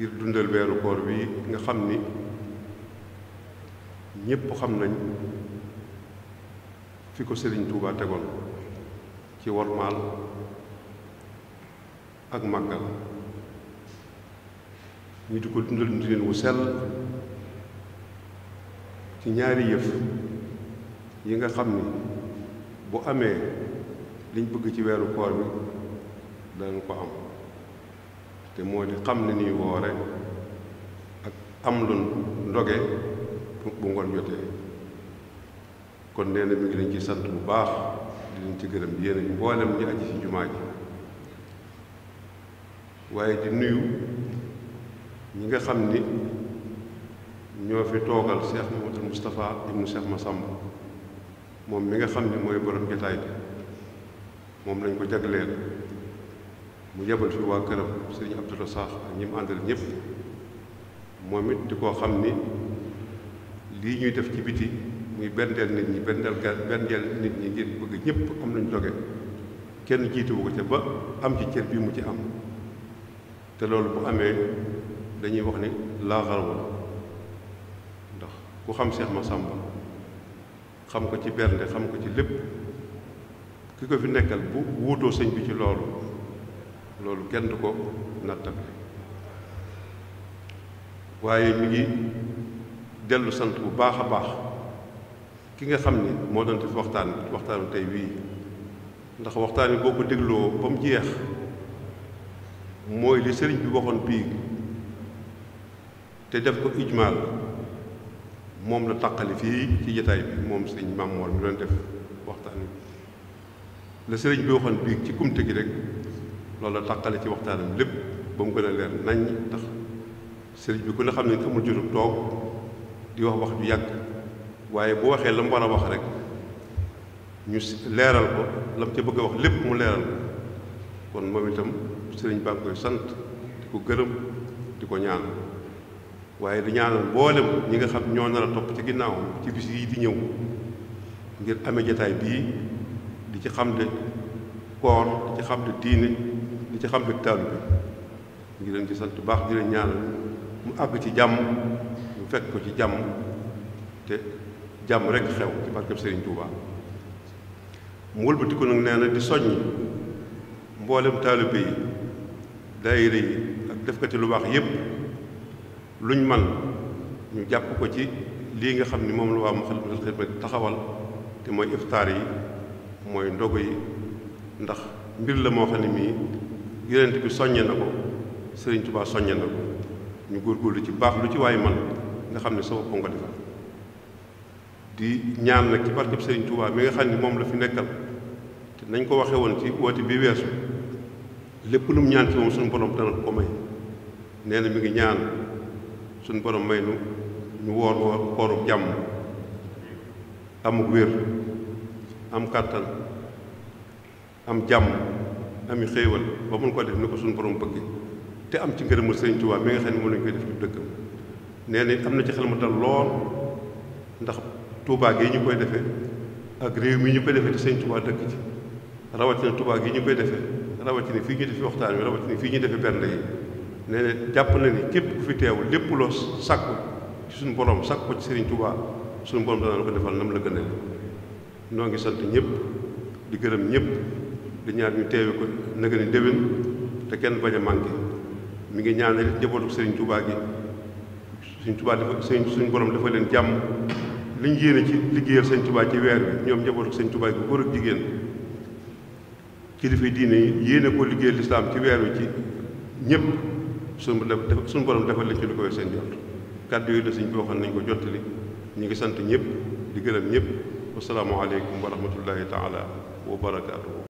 ngir dundal weeru koor wi nga xam ni ñépp xam nañ fi ko Sëriñ Tuubaa tegoon ci wormaal ak màggal ñu di ko dundal dundin wu sell ci ñaari yëf yi nga xam ni bu amee liñ bëgg ci weeru koor bi danañ ko am te moo di xam ne nii woore ak am lu ndoge bu ngoon jotee kon nee na mi ngi leen ci sant bu baax di leen ci gërëm yéen a mboolem ñi aji ci jumaa ji waaye di nuyu ñi nga xam ni ñoo fi toogal Cheikh Mouhamadou Moustapha ibnu ma Massamba moom mi nga xam ni mooy borom jotaay bi moom lañ ko jagleel mu yebal fi waa këram sëriñ Abdoulaye Sakh ak ñi àndal ñëpp moom it di koo xam ni lii ñuy def ci biti muy bendeel nit ñi bendeel ga bendeel nit ñi ngir bëgg ñëpp am nañu doge kenn jiituwu ko ca ba am ci cër bi mu ci am te loolu bu amee dañuy wax ni laaxar wala ndax ku xam Seex Masàmba xam ko ci bernde xam ko ci lépp ki ko fi nekkal bu wuutoo sëñ bi ci loolu loolu kenn du ko nattale waaye mi ngi dellu sant bu baax a baax ki nga xam ne moo doon def waxtaan waxtaanu tey wii ndax waxtaan wi boo ko dégloo ba mu jeex mooy li sëriñ bi waxoon bii te def ko ijmaal moom la taqali fii ci jataay bi moom sëriñ Maam Mor mi doon def waxtaan wi la sëriñ bi waxoon bii ci kumte gi rek loolu tàqale ci waxtaanam lépp ba mu gën a leer nañ ndax sëriñ bi ku ne xam ne amul jotu toog di wax wax ju yàgg waaye bu waxee la mu war a wax rek ñu si leeral ko la mu ca bëgg a wax lépp mu leeral ko kon moom itam sëriñ baa ngi koy sant di ko gërëm di ko ñaan waaye di ñaanal mboolem ñi nga xam ñoo nar a topp ci ginnaaw ci bis yi di ñëw ngir ame jataay bii di ci xam ne koor di ci xam ne diine ci xam ne taalu bi ngi leen ci sant baax di leen ñaanal mu àgg ci jàmm mu fekk ko ci jàmm te jàmm rek xew ci barkeb Serigne Touba mu wëlbati ko nag nee na di soññ mboolem taalibe yi daayira yi ak defkati lu baax yépp luñ man ñu jàpp ko ci lii nga xam ni moom la waa Moukhaddamatoul Khidma di taxawal te mooy iftaar yi mooy ndogu yi ndax mbir la moo xam ne mii yonent bi soññe na ko sëriñ tubaa soññe na ko ñu góorgóorlu ci baax lu ci waay man nga xam ne sa bopp nga defal di ñaan na ci barkeb sëriñ Tuubaa mi nga xam ne moom la fi nekkal te nañ ko waxee woon ci woote bi weesu lépp lu mu ñaan ci moom suñu borom dana ko may nee na mi ngi ñaan suñ borom may nu ñu woor woor kooru jàmm amuk wér am kàttan am jàmm ami xéewal ba mun koo def ni ko suñu borom bëgge te am ci ngërëmal sëriñ Tuubaa mi ngi xam ne moom lañ koy def ci dëkkam nee am na ci xel ma dal lool ndax Tuubaa gi ñu koy defe ak réew mi ñu koy defee te sëriñ Tuubaa dëkk ci rawatina Tuubaa gi ñu koy defee rawatina fii ñu defi waxtaan wi rawatina fii ñu defi bernde yi nee jàpp na ni képp ku fi teew lépp loo sàkku ci suñu borom sàkku ko ci sëriñ Tuubaa suñu borom dana la ko defal nam la gënal noo ngi sant ñëpp di gërëm ñëpp di ñaar ñu teewe ko naka ni déwén te kenn bañ a manqué mi ngi ñaanal njabootu Serigne Touba gi Serigne Touba dafa sëñ suñu borom dafa leen jàmm li ñu yéene ci liggéeyal Serigne Touba ci weer ñoom njabootu Serigne Touba gi ak jigéen kilifa diine yi yéene ko liggéeyal lislaam ci weer wi ci ñëpp suñu suñu borom dafa leen ci lu koy seen jot kàddu yooyu la sëñ bi waxoon nañ ko jottali ñu ngi sant ñëpp di gërëm ñëpp wasalaamualeykum wa rahmatullahi taala wa barakaatu.